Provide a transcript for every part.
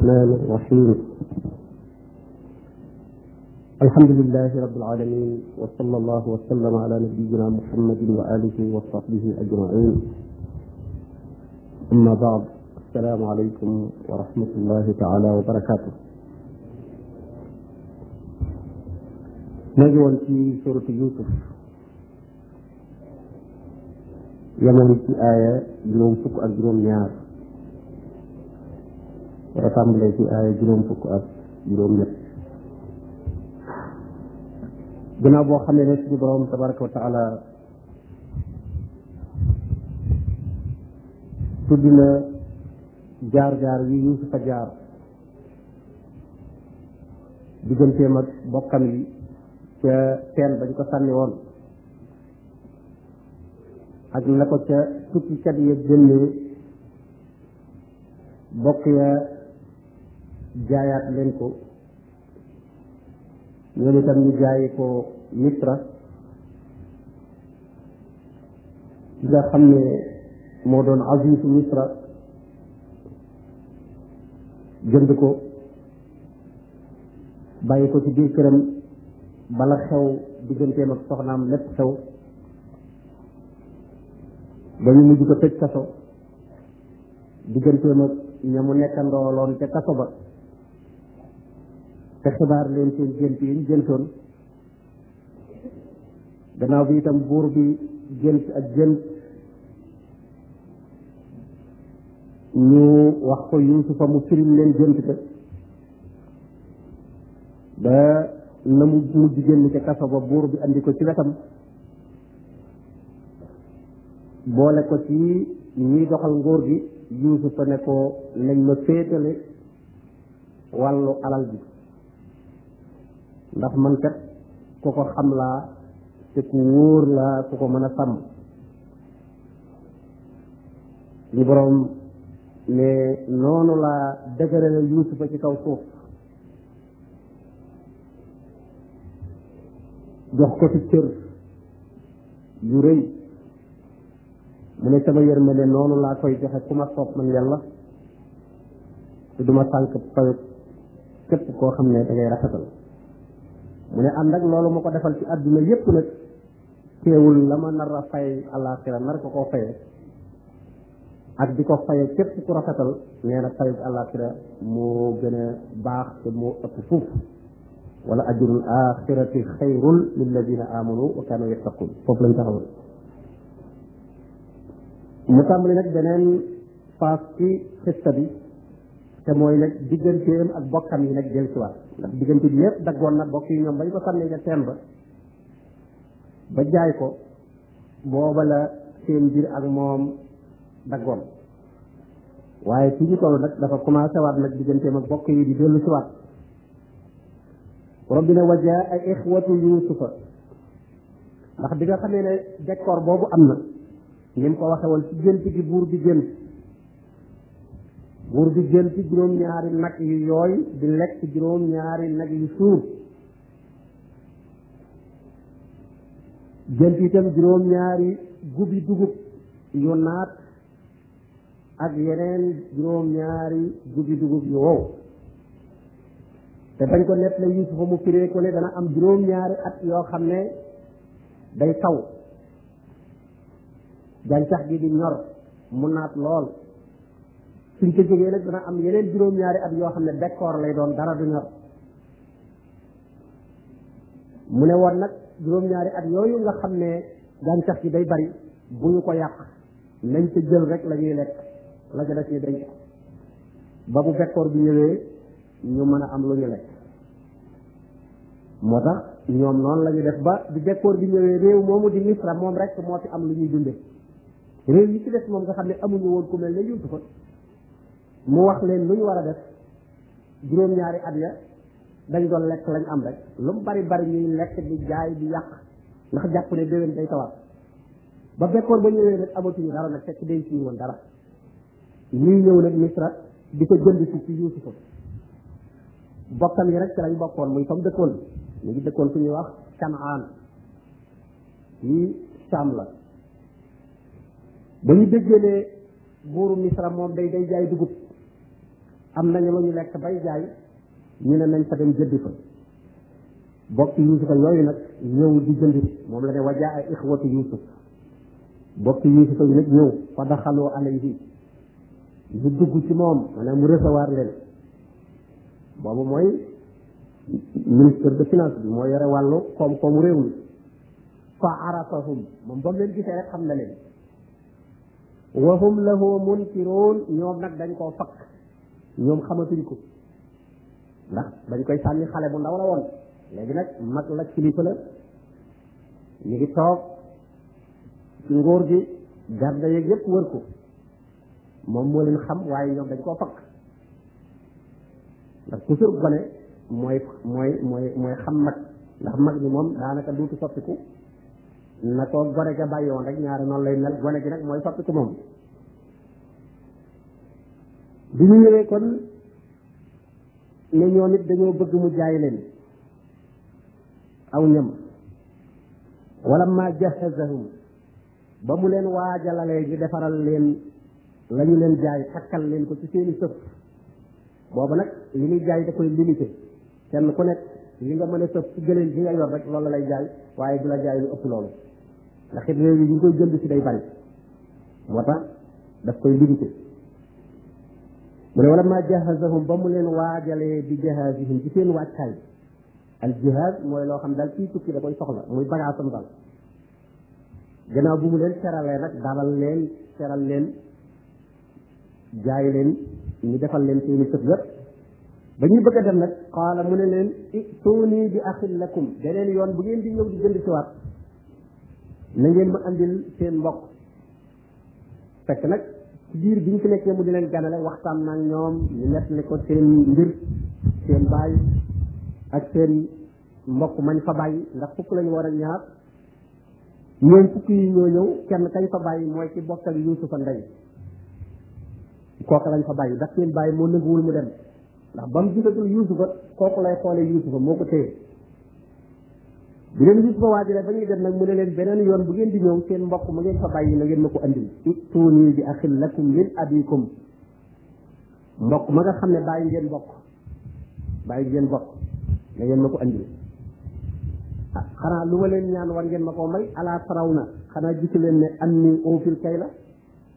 الرحمن الرحيم الحمد لله رب العالمين وصلى الله وسلم على نبينا محمد وآله وصحبه أجمعين أما بعد السلام عليكم ورحمة الله تعالى وبركاته نجوى في سورة يوسف يمن في آية يوم فك أجرم نار tàmbalee ci aaya juróom fukk ak juróom ñett ginnaaw boo xamee ne suñu borom tabaraka wa taala tudd na jaar-jaar yi Yuusufa jaar digganteem ak bokkam yi ca teen bañ ko sànni woon ak na ko ca tukkikat ya génne bokk ya jaayaat leen ko ñoom itam ñu jaayi ko Misra ki nga xam ne moo doon azizu Misra jënd ko bàyyi ko ci biir këram bala xew digganteem ak soxnaam lépp xew dañu mujj ko tëj kaso digganteem ak ña mu nekkandooloon ca kaso ba te xibaar leen seen gént yi ñu géntoon gannaaw bi itam buur bi gënt ak gént ñu wax ko yuusufa mu firim leen gént ka ba na mu mujj génn ca kaso ba buur bi andi ko ci wetam boole ko ci ñuy doxal nguur gi yuusufa ne ko lañ ma féetale wàllu alal bi ndax man kat ku ko xam laa te ku wóor laa ku ko mën a sàmm li borom ne noonu laa dëgërale yuusufa ci kaw suuf jox ko ci cër yu rëy mu ne sama yërmande noonu laa koy joxe ku ma soob man yàlla te duma sànk payo képp koo xam ne da ngay mu ne ànd ak loolu ma ko defal ci àdduna yépp nag teewul la ma nar a fay àllaaxira nar ko koo faye ak di ko faye képp ku rafetal nee na fayu àllaaxira moo gën a baax te moo ëpp fuuf wala ajrul axirati xayrun lilladina amanu wa kaanu yattaqun foofu lañ taxawal mu tàmbali nag beneen phase ci xista bi te mooy nag digganteem ak bokkam yi nag dellusiwaat ndax diggante bi yëpp daggoon na bokk yi ñoom bañ ko sànnee ca teen ba ba jaay ko booba la seen mbir ak moom daggoon waaye ci ñu toll nag dafa commencé waat nag digganteem ak bokk yi di dellusiwaat rabbina wajaa ay ixwatu yuusufa ndax bi nga xamee ne dekkoor boobu am na ni mu ko waxe woon ci gént gi buur bi buur bi jël ci juróom-ñaari nag yu yooyu di lekk juróom-ñaari nag yu suur jël yi itam juróom-ñaari gubi dugub yu naat ak yeneen juróom-ñaari gubi dugub yu wow te dañ ko nett la Yuusufa mu firee ko ne dana am juróom-ñaari at yoo xam ne day taw gàncax gi di ñor mu naat lool suñ ko jógee nag dana am yeneen juróom-ñaari at yoo xam ne bekkoor lay doon dara du ñor mu ne woon nag juróom-ñaari at yooyu nga xam ne gàncax gi day bari bu ñu ko yàq nañ ca jël rek lañuy lekk la ca des ñu denc ba bu bekkoor bi ñëwee ñu mën a am lu ñu lekk moo tax ñoom noonu la ñu def ba bu bekkoor bi ñëwee réew moomu di Misra moom rek moo ci am lu ñuy dunde réew yi ci des moom nga xam ne amuñu woon ku mel ne Yuusufa mu wax leen lu war a def juróom-ñaari at ya dañ doon lekk lañ am rek lu mu bari bari ñuy lekk di jaay di yàq ndax jàpp ne déwén day tawaat ba bekkoor ba ñëwee nag amatuñu dara nag fekk day suñu woon dara ñuy ñëw nag misra di ko jënd si ci yuusufa bokkam yi rek ci lañ bokkoon muy fam dëkkoon ñu ngi dëkkoon fu ñuy wax kanaan yi saam la ba ñu déggee ne buuru misra moom day day jaay dugub am na lu ñu lekk bay jaay ñu ne nañ fa dem jëndi fa bokk yuusufa yooyu nag ñëw di jëndi moom la ne wajaa ay yuusuf bokk yuusufa yi nag ñëw fa daxaloo alayhi ñu dugg ci moom moo yore wàllu koom-koomu réew mi fa arafahum moom ba leen gisee rek xam na leen wa hum lahu munkiroon ñoom nag dañ koo fakk ñoom xamatuñ ko ndax dañ koy sànni xale bu ndaw la woon léegi nag mag la kilifa la ñu ngi toog nguur gi garde yeeg yépp wër ko moom moo leen xam waaye ñoom dañ koo fakk ndax toujours gone mooy mooy mooy mooy xam mag ndax mag ni moom daanaka duutu soppiku na ko gone ga bàyyiwoon rek ñaari noonu lay mel gone gi nag mooy soppiku moom bi ñu ñëwee kon ne ñoom it dañoo bëgg mu jaay leen aw ñam wala ma jahazahum ba mu leen waajalalee ñu defaral leen la ñu leen jaay takkal leen ko ci seeni sëf boobu nag li ñuy jaay da koy limité kenn nga mën a sëf ci gëleen bi nga yor rek loolu lay jaay waaye du la jaay lu ëpp loolu ndax it réew yi ñu koy jënd ci day bari moo tax daf koy limité mu ne wala ma jahazahum ba mu leen waajalee bi jahazihim ci seen wàccaay al jihaz mooy loo xam daal kii tukki da koy soxla muy bagaasam daal gannaaw bu mu leen seralee nag dalal leen seral leen jaay leen ñu defal leen seeni sëf yëpp ba ñuy bëgg a dem nag mu ne leen itoonii bi axin lakum beneen yoon bu ngeen di ñëw di si waat na ngeen ma andil seen mbokk fekk nag biir bi ñu fi nekkee mu di leen ganale waxtaan nag ñoom ñu nettali ko seen mbir seen baay ak seen mbokk mañ fa bàyyi ndax fukk lañu war a ñaar ñoom fukk yi ñoo ñëw kenn kañ fa bàyyi mooy ci bokkal yuusufa ndey kooku lañ fa bàyyi ndax seen bàyyi moo nëguwul mu dem ndax ba mu gisatul yuusufa kooku lay xoole yuusufa moo ko téye bi leen gis ba waajale ba ñuy dem nag mu ne leen beneen yoon bu ngeen di ñëw seen mbokk mu ngeen fa bàyyi na ngeen ma ko andil ittuuni ak axin lakum min abikum mbokk ma nga xam ne bàyyi ngeen mbokk bàyyi ngeen mbokk na ngeen ma ko andil ah xanaa lu ma leen ñaan war ngeen ma koo may ala taraw na xanaa gisu leen ne am ni oofil kay la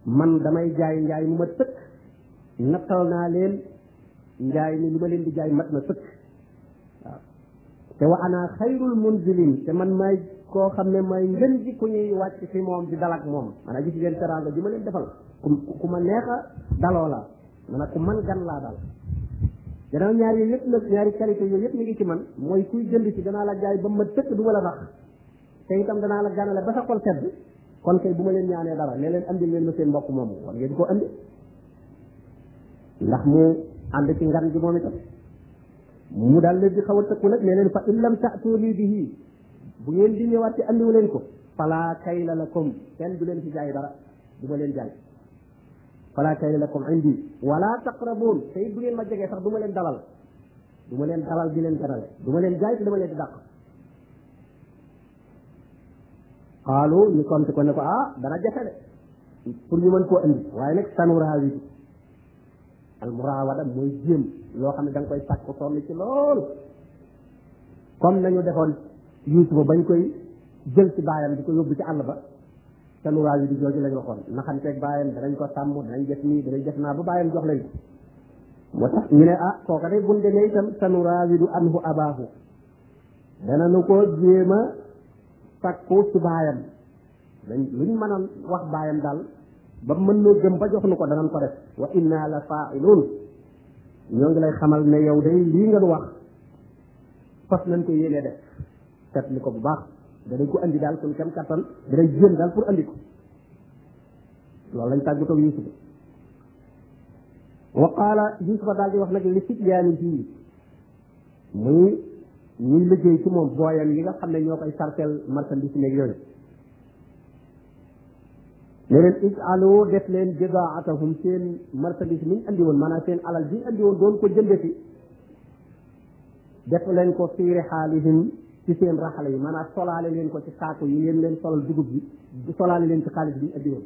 man damay jaay njaay mu ma tëkk nattal naa leen njaay ni li ma leen di jaay mat na tëkk te wa ana xayrul munzilin te man maay koo xam ne may ngën ku ñuy wàcc fi moom di dalak moom maanaam gis ngeen teraanga ji ma leen defal ku ku ma neex a daloo la maanaam ku man gan laa dal gannaaw ñaar yooyu yëpp nag ñaari qualité yooyu yëpp mi ngi ci man mooy kuy jënd ci danaa la jaay ba ma tëkk du ma la rax te itam danaa la ganale ba sa xol sedd kon kay bu ma leen ñaanee dara ne leen andil leen ma seen mbokk moomu war ngeen ko andi ndax mu ànd ci ngan gi moom itam mu daal leen di xaw a tëkku nag ne leen fa in lam ta'tuni bihi bu ngeen di ñëwaat te wu leen ko la kayla lakum kenn du leen ci jaay dara du ma leen jaay fala kayla lakum indi wala taqrabun te it bu ngeen ma jegee sax du ma leen dalal du ma leen dalal di leen ganale du ma leen jaay te dama leen di dàq xaalu ñu compte ko ne ko ah dana jafe de pour ñu mën koo indi waaye nag sanuraawidi al muraawada mooy jéem loo xam ne da koy sàkk sonn ci loolu comme nañu defoon yuusufa bañ koy jël ci baayam di ko yóbbu ci àll ba sanuwaa yi di jooju lañ waxoon naxanteeg baayam danañ ko sàmm danañ def nii danañ def naa ba baayam jox lañ moo tax ñu ne ah kooka de bunde ne itam sanuraawidu anhu abaahu dana nu ko jéem a sakku ci baayam dañ luñ mën a wax baayam daal ba mën noo gëm ba jox nu ko danañ ko def wa inna la faailuun ñoo ngi lay xamal ne yow de lii ngeen wax fas nañ ko yéene def seetlu ko bu baax danañ ko indi daal suñ kam kattan danañ jéem daal pour andi ko loolu lañ tàggatoo ak Yuusufa wa qaala Yuusufa daal di wax nag li sibyaani fii muy ñuy liggéey ci moom booyam yi nga xam ne ñoo koy sarteel marchandise meeg yooyu ne leen isalo def leen jëgaatahum seen marchandise min andi woon maanaam seen alal bi andi woon doon ko jëndati def leen ko fiiri xaalihim ci seen raxale yi maanaam solaale leen ko ci saako yi leen leen solal dugub bi solaale leen ci xaalis bi andi woon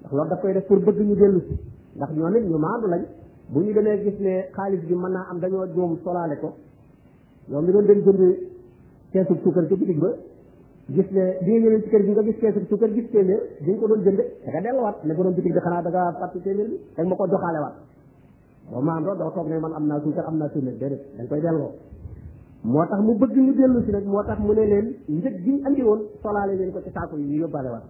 ndax loolu daf koy def pour bëgg ñu dellu ndax ñoom it ñu maandu lañ bu ñu demee gis ne xaalis bi mën naa am dañoo joom solaale ko ñoom mi doon jënd keesu suukar ci bitig ba gis ne bi nga kër gi nga gis keesu suukar gis téeméer bi ko doon jënde da nga delluwaat bi xanaa da nga fàtte téeméer bi da ma ko joxaale waat boo ma doo doo toog ne man am naa suukar am naa téeméer déedéet da koy delloo moo tax mu bëgg ñu dellu si nag moo tax mu ne leen njëg gi ñu andi woon solaale leen ko ci saako yi ñu yóbbaale waat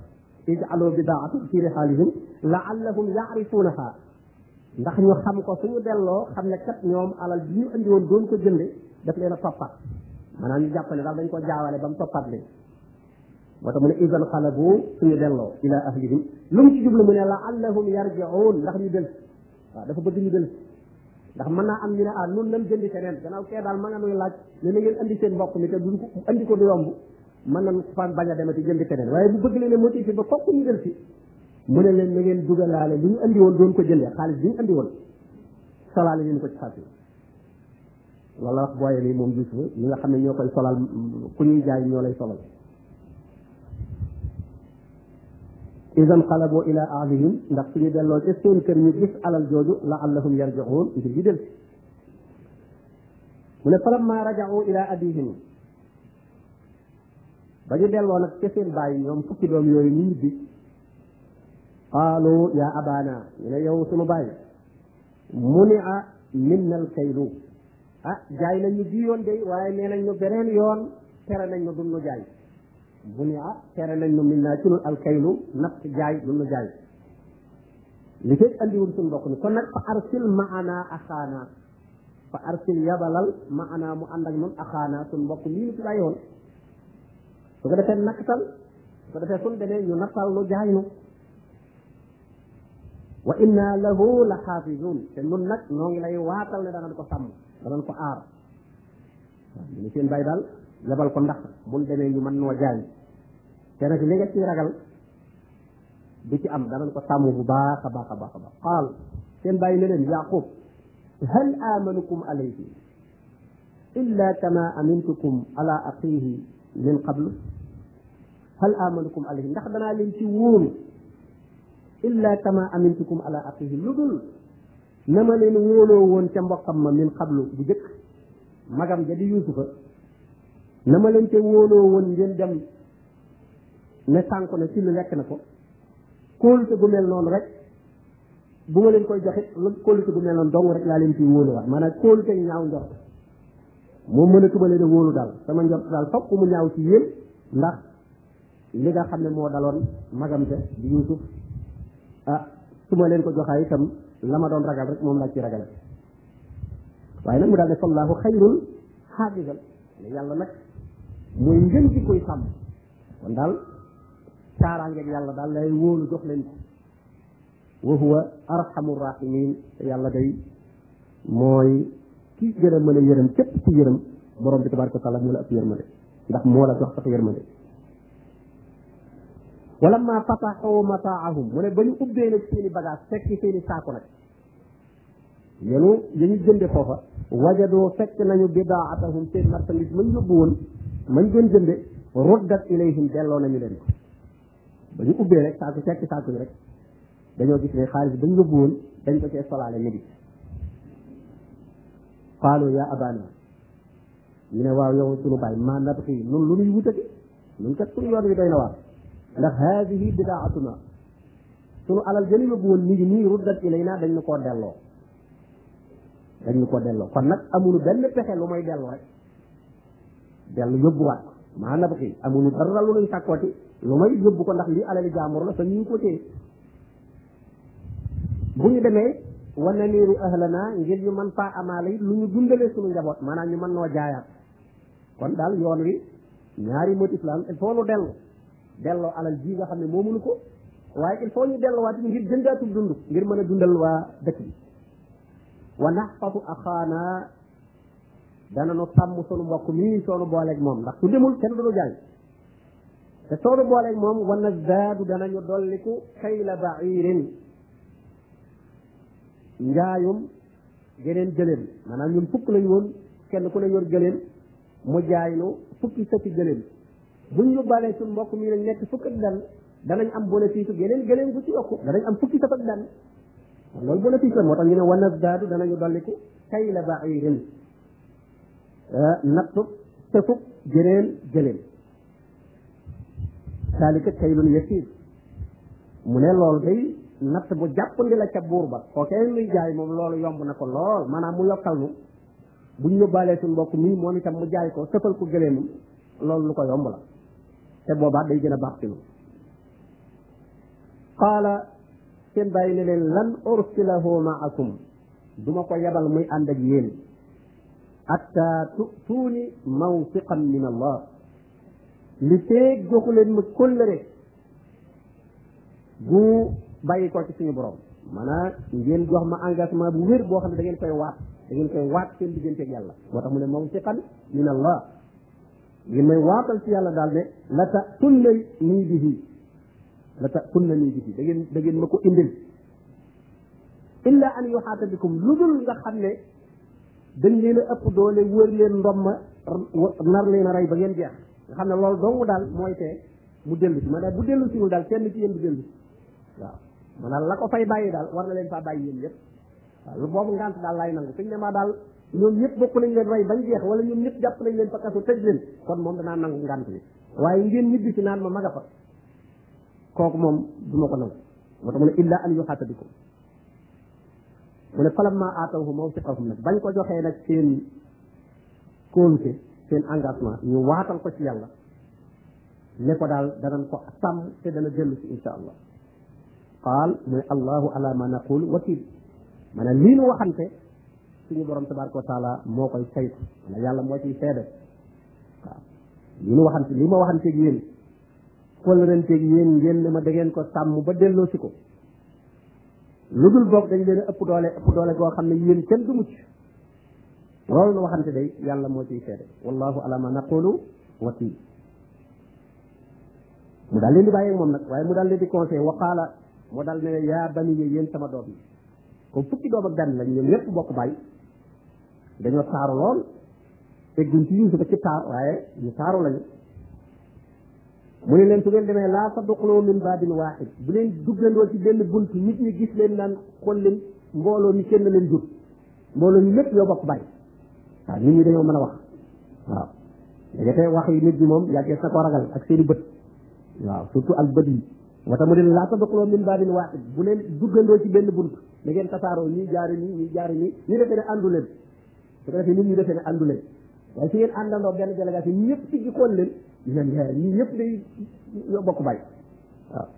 ijalo bidaatu fi rihaalihim laallahum yaarifuunaha ndax ñu xam ko suñu delloo xam ne kat ñoom alal bi ñu andi woon doon ko jënde daf leen a toppat maanaam ñu jàpp ne daal dañ ko jaawale ba mu toppat leen moo tax mu ne idan xalabu suñu delloo ila ahlihim lu mu ci la mu ne laallahum yarjiun ndax ñu del waaw dafa bëgg ñu del ndax mën naa am ñu ne ah nun nam jëndi keneen gannaaw kee daal mën na nuy laaj ne ngeen andi seen mbokk mi te duñ ko andi ko du yomb mën nañ fa bañ a demati jëndi keneen waaye bu bëgg leen motivé ba fokk ñu del si mu ne leen na ngeen dugalaale li ñu andi woon doon ko jëndee xaalis bi ñu andi woon solaal leen ko ci xaalis loolu la wax moom Yuusufa nga xam ne ñoo koy solal ku ñuy jaay ñoo lay solal idan xalaboo ila ahlihim ndax suñu delloo ca seen kër ñu gis alal jooju laallahum yarji'un ngir ñu del mu ne falamma raja'u ila abihim ba ñu delloo nag ca seen fukki doom yooyu ñu ñibbi qaalu ya abana ñu ne yow sunu bàyyi muni'a alkaylu ah, jaay nañ ñu ji yoon day waaye nee nañ ñu beneen yoon tere nañ ñu dum jaay bunia tere nañ nu min naa ci nun alkaylu natt jaay lu nu jaay li fekk andiwul suñ bokk ni kon nag fa arsil maana axaana fa arsil yabalal maana mu ànd ak nun axaana suñ mbokk lii ñu fi bàyyi woon su ko defee naktal su ko defee suñ demee ñu nattal lu jaay nu wa inna lahu la xaafizun te nun nag noo ngi lay waatal ne danañ ko sàmm danañ ko aar ñu seen bàyyi daal yabal ko ndax buñ demee ñu mën noo jaay te nag li nga ragal du ci am danañ ko sàmm bu baax a baax a baax a baax qaal seen bàyyi ne leen yaqub hal amanukum alayhi illa kama amintukum ala axihi min qablu hal amanukum alayhi ndax danaa leen ci wóolu illa kama amintukum ala axihi lu dul na ma ca mbokkam ma min qablu bu jëkk magam ja yuusufa na ma leen te wóoloo woon ngeen dem ne sànq na ci lu lekk na ko kóolute gu mel noonu rek bu ma leen koy joxit kóolute bu mel noonu dong rek laa leen ciy wóoluwaat maanaam kóolute ñaaw njort moom mën a tubale ne daal sama njort daal fokk mu ñaaw ci yéen ndax li nga xam ne moo daloon magamte di Yuusuf ah su ma leen ko joxaay itam la ma doon ragal rek moom laa ci ragale waaye nag mu daal ne fallaahu xayrul xaafisal yàlla nag mooy ngeen ci koy sàmm kon daal caaraangeeg yàlla daal lay wóolu jox leen ko wa huwa arhamu rahimin yàlla day mooy ki gën a mën a yërëm képp ci yërëm borom bi tabaraka wa taala moo la ëpp yërmande ndax moo la jox ak yërmande wala ma fataxoo mataahum mu ne ba ñu ubbee nag seen fekk seen i saako nag yenu yañu jënde foofa wajadoo fekk nañu bidaatahum seen marchandise mañ yóbbu woon mañ doon jënde ruddat ilayhim delloo nañu leen ko ba ñu ubbee rek saaku fekk saaku yi rek dañoo gis ne xaalis ba ñu yóbbu woon dañ ko cee solaale midi qaalu yaa abana ñu ne waaw yow sunu bàyyi maa nabxi nun lu nuy wutati nun kat sunu yoon wi doy na waar ndax haadihi bidaatuna sunu alal jëli yóbbu woon mi ngi nii ruddat ilayna dañ ñu koo delloo dañ ñu koo delloo kon nag amunu benn pexe lu mooy delloo rek dellu yóbbuwaat maa nabxi amuñu dara lu nuy sàkkooti lu may yóbbu ko ndax lii alali jaamur la sa ñu ko téye bu ñu demee wana niiru ahlana ngir ñu man faa amaale lu ñu dundalee suñu njaboot maanaam ñu mën noo jaayaat kon daal yoon wi ñaari motif la il faut nu dellu delloo alal ji nga xam ne moomuñu ko waaye il faut ñu delluwaat ngir jëndaatul dund ngir mën a dundal waa dëkk bi wa naxfatu axaana dananu sàmm sunu mbokk mii soonu booleeg moom ndax su demul kenn duñu jàng te soonu booleeg moom wan na zaadu danañu dolliku xayla ba'irin njaayum geneen gëléem maanaam ñun fukk lañ woon kenn ku ne yor gëléem mu jaay nu fukki sëti gëléem buñ ñu balee mbokk mii lañ nekk fukk ak danañ am bénéfice geneen gëléem gu ci yokku danañ am fukki sët ak benn loolu bénéfice la moo tax ñu ne wan na zaadu danañu dolliku xayla ba'irin Eh, nattu tëfuk jëneen jëleen saalika kaylun yasiir mu ne loolu day natt bu jàppandi la ca buur ba kookee muy jaay moom loolu yomb na ko lool maanaam mu yokkal nu buñ yóbbaalee suñ mbokk mii moom itam mu jaay ko tëfal ko gëleemam loolu lu ko yomb la te boobaa day gën a baax ci nu qaala seen bàyyi ne leen lan ursilahu maakum duma ko yebal muy ànd ak yéen hatta tu'tuuni mawfiqan min allah li feeg joxu leen ma kóllëre bu bàyyi ko ci suñu borom maanaam ngeen jox ma engagement bu wér boo xam ne da ngeen koy waat da ngeen koy waat seen digganteeg yàlla moo tax mu ne mawfiqan min allah ngeen may waatal ci yàlla daal ne la ta tunna nii bihi la ta tunna nii bihi da ngeen da ngeen ma ko indil illa an yuxaata bikum lu dul nga xam ne dañ leen a ëpp doole wër leen ma nar leen a rey ba ngeen jeex nga xam ne loolu dong daal mooy tee mu dellu si maanaam bu dellu siwul daal kenn ci yéen du dellu si waaw maanaam la ko fay bàyyi daal war na leen faa bàyyi yéen yëpp waaw lu boobu ngant daal laay nangu suñ ne maa daal ñoom yëpp bokk nañ leen rey bañ jeex wala ñoom ñëpp jàpp nañ leen fa kaso tëj leen kon moom danaa nangu ngant bi waaye ngeen ñibbi si naan ma maga fa kooku moom du ma ko nangu moo tax mu ne illa an yuxaata ko mu ne falam ma aatawhu mawsiqahum nag bañ ko joxee nag seen kóolute seen engagement ñu waatal ko ci yàlla ne ko daal danañ ko sàmm te dana dellu si insha allah qaal mu ne allahu ala ma naqul wakil maanaam lii nu waxante suñu borom tabaraka wa moo koy saytu maanaam yàlla moo ciy seede waaw lii nu waxante lii ma waxanteeg yéen kóol renteeg yéen ngeen ne ma da ngeen ko sàmm ba delloo si ko lu dul boog dañ leen ëpp doole ëpp doole goo xam ne yéen kenn du mucc loolu nu ne day yàlla moo ci seede wallahu ala ma naqulu wakil mu daal leen di bàyyi moom nag waaye mu daal leen di conseil wa qaala mu daal ne yaa bani yi yéen sama doom yi comme fukki doom ak benn lañ ñoom ñëpp bokk bàyyi dañoo taaru lool egguñ ci Yuusufa ci taar waaye ñu taaru lañu mu ne leen su ngeen demee laa tadxuluu min baabin waaxid bu leen duggandoo ci benn bunt nit ñi gis leen naan xool leen mbooloo mi kenn leen jur mbooloo mi lépp yoo bokk bari waaw nit ñi dañoo mën a wax waaw léegi wax yi nit ñi moom yàggee sa ko ragal ak seen i waaw surtout al bët yi wata mu ne laa tadxuluu min baabin waaxid bu leen duggandoo ci benn bunt da ngeen tasaaroo ñii jaari nii ñii jaari nii ñu defee ne àndu leen su ko defee nit ñi defee ne àndu leen waaye su ngeen àndandoo benn délégation ñëpp ci xool leen leen yaay ñii ñëpp bokk bàyyi waaw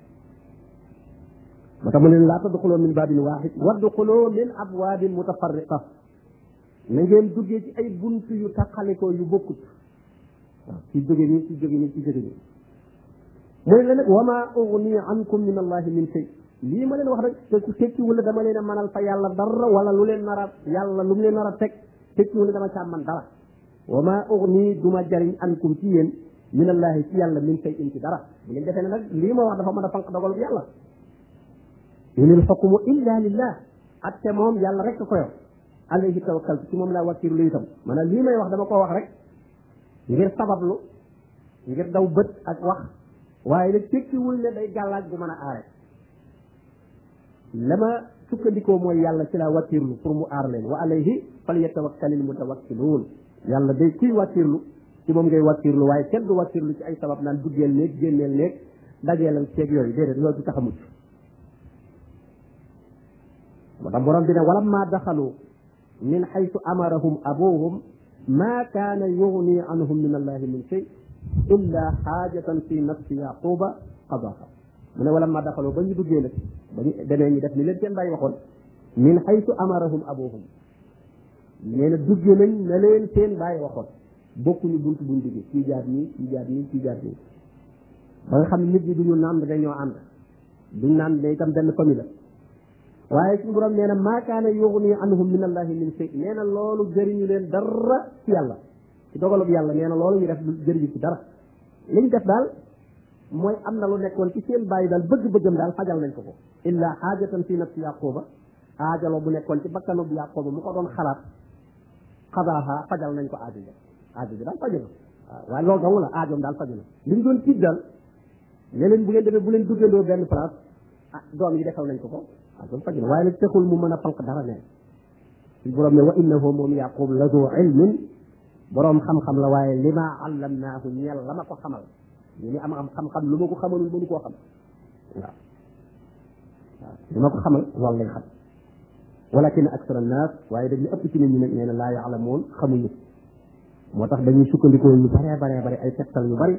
moo tax mu ne laa tadxuloo min baabin waaxid wadxuloo min abwaabin mutafarriqa na ngeen duggee ci ay bunt yu taqalikoo yu bokkut waaw ci jóge nii ci jóge ne la nag wa ankum min allahi min shay lii ma leen wax rek te ku wala dama leen a mënal fa yàlla dara wala lu leen nar a yàlla lu mu leen nar a teg tekki dama caa man dara wa maa ugni duma jariñ ankum ci minallahi ci yàlla min say in ci dara bu ngeen defee ne nag wax dafa mën a fanq dogal bu yàlla inil xukmu illa lillah atte moom yàlla rek ko yor alayhi tawakkaltu ci moom laa wakkiir lu itam maanaam lii may wax dama ko wax rek ngir sabablu ngir daw bët ak wax waaye nag tekkiwul ne day gàllaaj bu mën a aare la ma sukkandikoo mooy yàlla ci laa wakkiirlu pour mu aar leen wa alayhi fal yatawakkalil mutawakkiluun yàlla day kuy wakkiirlu ci moom ngay wàkkirlu waaye kenn du lu ci ay sabab naan duggeel néeg génneel néeg dajeelal ceeg yooyu déedéet loolu du tax a mucc moo tax borom bi ma daxalu min xaytu amarahum abuhum ma kaana yugni anhum min allahi min shay illa xaajatan fi nafsi yaquba qadaha mu ne walam ma daxalu ba ñu duggee nag ba ñu ñu def ni leen seen bàyyi min xaytu amarahum abuhum nee na duggee nañ na leen seen bàyyi waxoon bokkuñu buntu buñ duggee kii jaar nii kii jaar nii kii jaar nii ba nga xam ne nit ñi duñu nàmb dañoo ànd duñ nàmb ne itam benn famille la waaye suñu borom nee na maa kaana yuxni anhum min allahi min shay nee na loolu jëriñu leen dara ci yàlla ci dogalub yàlla nee na loolu ñu def jëriñu ci dara liñ def daal mooy am na lu nekkoon ci seen bàyyi daal bëgg-bëggam daal fajal nañ ko ko illa xaajatan fi nafsi yaquba aajalo bu nekkoon ci bakkanub yaquba mu ko doon xalaat xadaaha fajal nañ ko aajo aajo bi daal faju na waaye loolu dong la aajoom daal faju na li ñu doon tiddal ne leen bu ngeen demee bu leen duggandoo benn place ah doom yi defal nañ ko ko aajoom faju na waaye nag texul mu mën a falk dara ne suñ borom ne wa innahu moom yaqub la zu ilmin borom xam-xam la waaye li ma allamnaahu ñeel la ma ko xamal ñu ni am am xam-xam lu ma ko xamalul mënu koo xam waaw waaw li ma ko xamal loolu lay xam walakin aksara annas waaye dañ li ëpp ci nit ñi nag nee na laa yaalamuun xamuñu moo tax dañuy sukkandikoo yu baree baree bari ay tegtal yu bari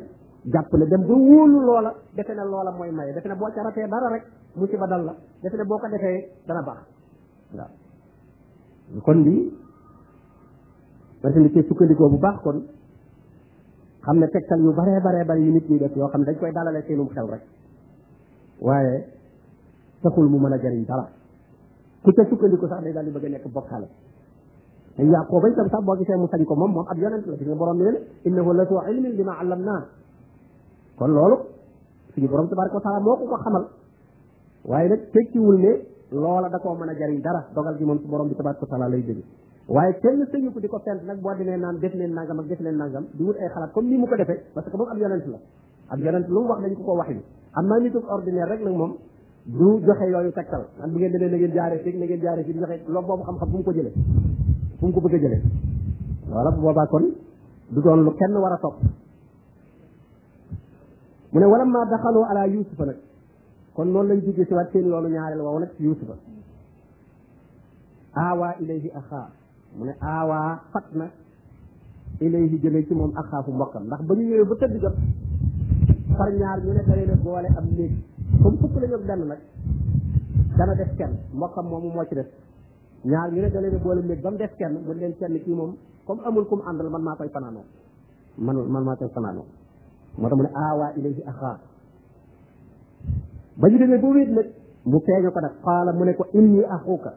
jàpp ne dem ba wóolu loola defe na loola mooy maye defe na boo ca ratee dara rek musiba dal la defe ne boo ko defee dana baax kon bi parce que bu baax kon xam ne tegtal yu baree baree bari yu nit ñi def yoo xam ne dañ koy dalale seenum xel rek waaye taxul mu mën a jariñ dara ku ca sukkandiku sax day daal di bëgg a nekk bokkaale Yaqooba itam sax boo gisee mu sañ ko moom moom ab yonent la suñu borom bi ne innahu la soo ilmin bi ma allam naa kon loolu suñu borom tabaraka wa taala moo ko ko xamal waaye nag tekkiwul ne loola da koo mën a dara dogal gi moom su borom bi tabaraka wa taala lay jóge waaye kenn sëñu ko di ko fent nag boo leen nangam leen nangam di wut ay que moom ab yonent la wax dañ ko ko waxi am naa nitu ordinaire rek nag moom du joxe yooyu tegtal man bu ngeen demee ngeen jaaree fii na ngeen jaaree fii joxe loolu boobu xam-xam bu mu ko jëlee fu mu ko bëgg a jëlee loola bu boobaa kon du doon lu kenn war a topp mu ne wala ma daxaloo ala yusufa nag kon noonu lañ jógee si waat seen yoonu ñaareel woow nag si yusufa aawaa ilayhi axaa mu ne aawaa fat na ilayhi jëmee ci moom axaafu mbokkam ndax ba ñu ñëwee ba tëdd jot far ñaar ñu ne dalee na boole am néeg comme fukk la benn nag dana def kenn mbokkam moomu moo ci def ñaar ñu ne da leen boole néeg ba mu des kenn mu leen kenn kii moom comme amul kum àndal man maa koy fanaanoo man man maa moo tax mu ne aawaa ilayhi axaa ba ñu demee bu wéet nag mu feeño ko nag xaala mu ne ko inni axuuka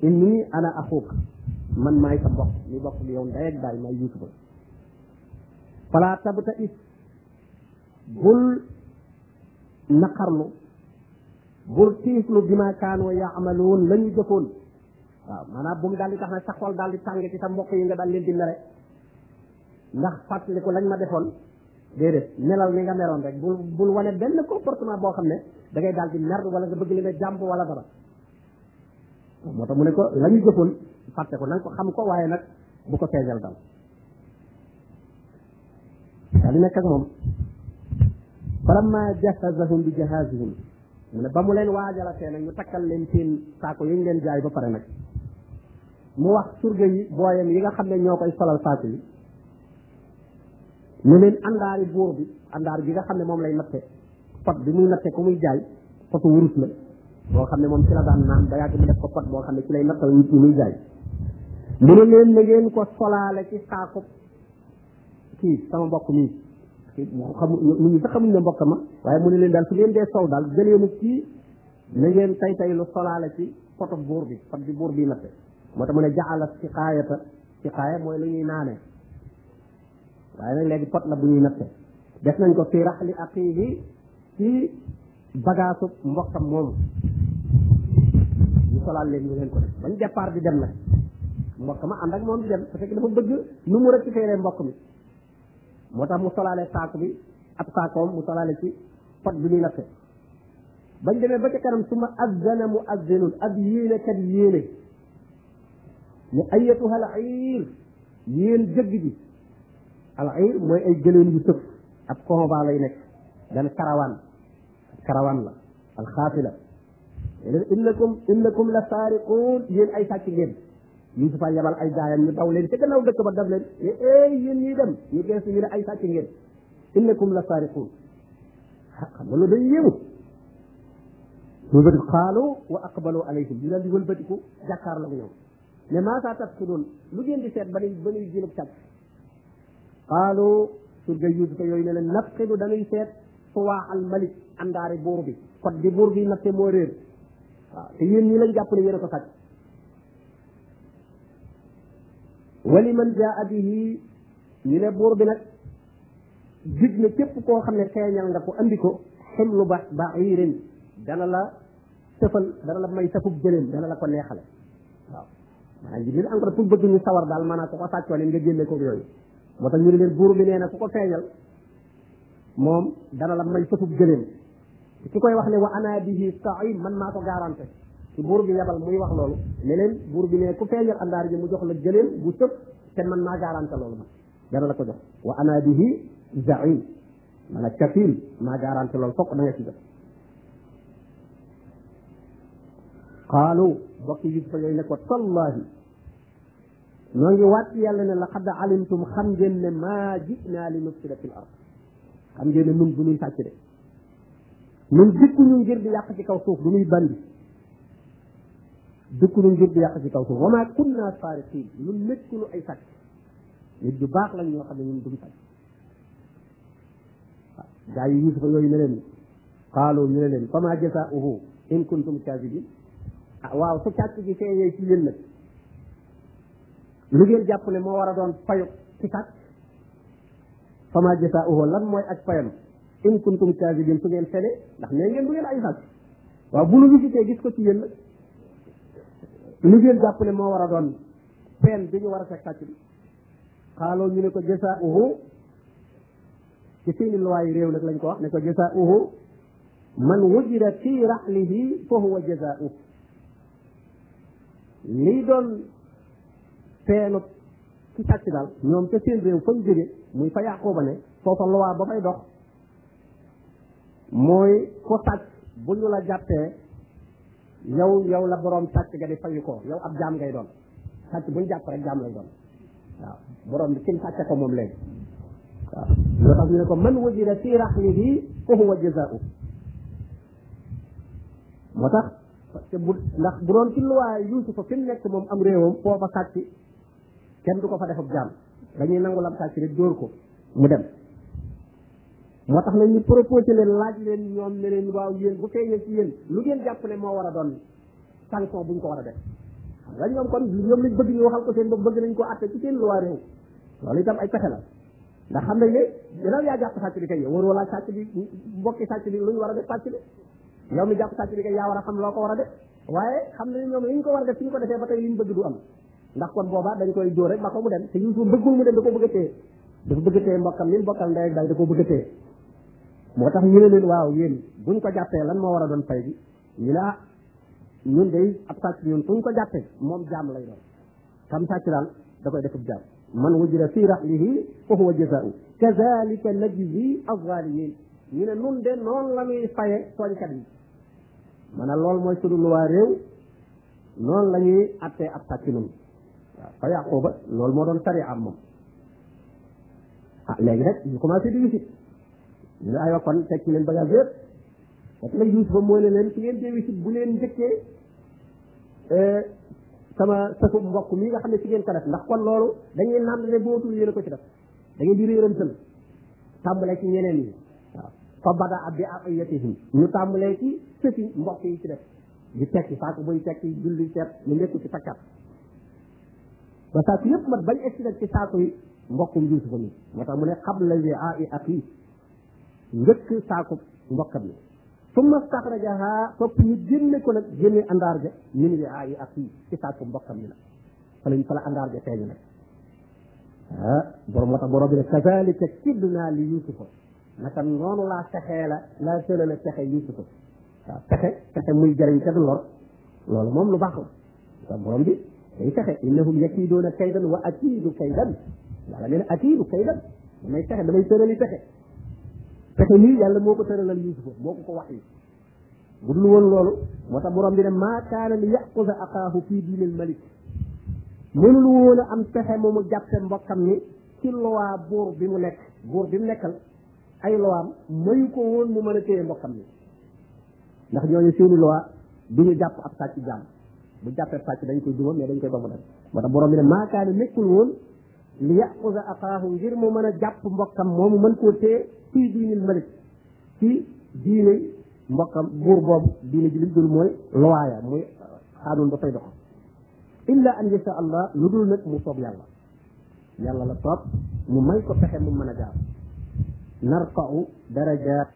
inni ana axuuka man maay sa mbokk ñu bokk li yow ndey ak baay maay yuusufa falaa tabta is bul naqarlu bul tiislu bi ma kaanoo yaamaluun la ñu waaw maanaam bu mu daal di tax nag sa xol daal di tàng ci sa mbokk yi nga daal leen di mere ndax ko lañ ma defoon déedéet melal ni nga meroon rek bul bul wane benn comportement boo xam ne da ngay daal di mer wala nga bëgg leen a wala dara tax mu ne ko la ñu jëfoon fàtte ko na ko xam ko waaye nag bu ko feeñal dal daal di nekk ak moom falamma jahazahum bi jahazihim mu ne ba mu leen waajalatee nag ñu takkal leen seen saako yi ñu leen jaay ba pare nag mu wax surga yi booyam yi nga xam ne ñoo koy solal saako yi ne leen àndaari buur bi àndaar bi nga xam ne moom lay natte pot bi muy natte ku muy jaay potu wurus la boo xam ne moom ci la daan naan ba mu def ko pot boo xam ne ci lay nattal wurus bi muy jaay mu ne leen na ngeen ko solaale ci saako kii sama mbokk mii xamu nit ñi xamuñ ne mbokk ma waaye mu ne leen daal su ngeen dee sow daal gëleemu kii na ngeen tay tay lu solaale ci poto buur bi pot bi buur bi natte moo tax mu ne jaxala siqaayata siqaaya mooy lu ñuy naane waaye nag léegi pot la bu ñuy natte def nañ ko fii raxli aqiihi ci bagaasu mbokkam moomu ñu solaal leen ñu ko def bañ départ di dem nag mbokk ànd ak moom di dem mbokk mi moo tax mu solaale saako bi ab saakoom mu solaale ci pot bi ñuy natte bañ demee ba ca kanam su ma azzana mu azzinun ab yéene kat yéene ne ayyatuha al ayir yéen jëgg ji al ayir mooy ay gëléem yu sëf ab convoi lay nekk dan karawaan karawaan la al xaafila innakum innakum la saariquun yéen ay sàcc ngeen Yuusufa yabal ay gaayam ñu daw leen ca gannaaw dëkk ba daf leen ne éey eh, yéen ñuy dem ñu geesu ñu ne ay sàcc ngeen innakum la saariquun xam nga loolu day yéemu wëlbati xaalu wa aqbalu alayhim ñu daal di wëlbatiku jàkkaarloo ak ñoom ne maasaa tafsiluun lu ngeen di seet ba nuy ba nuy jëlub sàcc xaalu surga yuusufa yooyu ne leen nafqidu dañuy seet suwaa al malik buur bi code bi buur bi natte moo réer waaw te yéen ko sàcc wali man jaa bihi ñu ne buur bi nag dig na képp koo xam ne xeeñal nga ko andi ko lu ba baxiirin dana la tëfal dana la may safub jëleen dana la ko neexale waaw maanaam jibril en pour bëgg ñu sawar daal maanaam ku ko sàccoo leen nga génne ko yooyu moo tax ñu ne leen buur bi nee na ku ko feeñal moom dana la may sëfub gëléem ki koy wax ne wa ana bihi saim man maa ko garanté ci buur bi yabal muy wax loolu ne leen bi ne ku feeñal àndaar ji jox la gëléem bu sëf te man maa garante loolu ma dana la ko jox wa ana bihi zaim maanaam kafil maa garanté loolu fokk da nga ci jox xaalu bokk yi fa yooyu ne ko tallaahi noo ngi wàcc yàlla ne laqad alimtum xam ngeen ne maa jinaa li nufsida fil ard xam ngeen ne nun du ñuy sàcc de nun dikkuñu ngir di yàq ci kaw suuf du ñuy bandi dikkuñu ngir di yàq ci kaw suuf wa maa kunna saariqiin nun nekkuñu ay sàcc nit du baax lañ ñoo xam ne ñun duñ sàcc waaw gaa yi Yuusufa yooyu ne leen xaalu ñu ne leen fa maa jasaauhu in kuntum kaadibin Ah, waaw su càcc gi feeñee ci yéen nag moo war a doon fayu ci sàcc fama jasaa'uhu lan mooy ak fayam in kuntum kaazibin su ngeen fene ndax ay sàcc waaw bu nu gisitee gis ko ci jàpp ne moo war a doon peen bi ñu war a fekk sàcc bi xaaloo ñu ne ko jasaa'uhu ci seeni luwaay réew nag lañ ko wax ne ko jasaa'uhu man wujida fi rahlihi fa huwa jasaa'uhu liy doon peenu ci sàcc daal ñoom ca seen réew fa ñu muy fa yàqoo ba ne foofa luwaa ba fay dox mooy ko sàcc bu ñu la jàppee yow yow la boroom sàcc ga di fayu ko yow ab jaam ngay doon sàcc bu jàpp rek jaam lay doon waaw boroom bi kim sàcce ko moom léegi waaw loo tax ñu ne ko man wajida fii rahlihi fa huwa jazaa'u moo tax parce bu ndax bu doon ci luwaay yuusufa fi mu nekk moom am réew réewam foofa sàcc kenn du ko fa def ak jaam dañuy nangu lam sàcc rek dóor ko mu dem moo tax na ñu proposé leen laaj leen ñoom ne leen waaw yéen bu feeñee ci yéen lu ngeen jàpp ne moo war a doon sanction bu ñu ko war a def la ñoom kon ñoom lañ bëgg ñu waxal ko seen bopp bëgg nañ ko atte ci seen luwaa réew loolu itam ay pexe la ndax xam nañ ne dinaaw yaa jàpp sàcc bi kay yow waroo laaj sàcc bi mbokki sàcc lu ñu war a def sàcc yow mi jàpp sàcc bi kay yaa war a xam loo ko war a de waaye xam nañu ñoom li ñu ko war a fu suñu ko defee ba tey li ñu bëgg du am ndax kon boobaa dañ koy jóor rek ba ko mu dem te Yuusuf bëggul mu dem ko bëgg a téye dafa bëgg a téye mbokkam li ko bëgg a téye moo tax ñu ne leen waaw yéen buñ ko jàppee lan moo war a doon fay bi ñu ne ah day ab sàcc ñun fuñ ko jàppee moom jaam lay doon kam sàcc daal da koy defub jaam man wujida fii rahlihi fa huwa jazaa'u kazalika najzi az-zalimin ñu ne nun de noonu la ñuy faye tooñkat yi ma ne loolu mooy sunu luwaa réew noonu la ñuy attee ab sàcc nun waaw fa Yaquba loolu moo doon sari am moom ah léegi rek ñu commencé di wisit ñu ne aywa kon teg ci leen bagage yëpp parce que nag Yuusufa mooy ne leen ci ngeen dee bu leen njëkkee euh, sama safu mbokk mii nga xam ne ci ngeen ko ndax kon loolu dañuy naan ne bootul yéen ko ci def da ngeen di réerantal ci ñeneen yi fa bada bi aqiyatihim ñu tàmbalee ci sëfi mbokk yi ci def di tekki saako buy tekki julli seet lu nekk ci takkat ba saako yëpp mat bañ egsi nag ci saako yi mbokkum mi moo mu ne qabla wi'aa'i axiihi njëkk saako mbokka bi summa staxrajahaa topp ñu génne ko nag génne àndaar ja min wi'aa'i axiihi ci saako mbokkam yi la fa lañ fa la feeñu nag ah borom moo tax borom bi ne kazaalika kidnaa li Yuusufa naka noonu laa fexee la laa tëla la pexe Yuusufa waaw pexe pexe muy jëriñ te du lor loolu moom lu baax la sa borom bi day pexe innahum yakiiduuna kaydan wa akiidu kaydan yàlla nee na akiidu kaydan damay pexe damay tërali pexe pexe nii yàlla moo ko tëralal Yuusufa moo ko ko wax yi bu dul woon loolu moo tax borom bi ne maa kaana li yaquda aqaahu fii diinil malik mënul woon a am pexe moomu jàppe mbokkam ni ci loi buur bi mu nekk buur bi mu nekkal ay lowaam mayu ko woon mu mën a téye mbokkam ni ndax ñooñu seeni loi du ñu jàpp ab sàcc jàmm bu jàppee sàcc dañ koy duma mais dañ koy ba mu dem moo tax borom bi ne maakaani nekkul woon li yaxusa axaahu ngir mu mën a jàpp mbokkam mu mën koo téye fii diinil malik ci diine mbokkam buur boobu diine ji li dul mooy lowaaya muy xaanun ba fay dox illa an yasha allah lu dul nag mu soob yàlla yàlla la soob mu may ko pexe mu mën a jaar نرفع درجة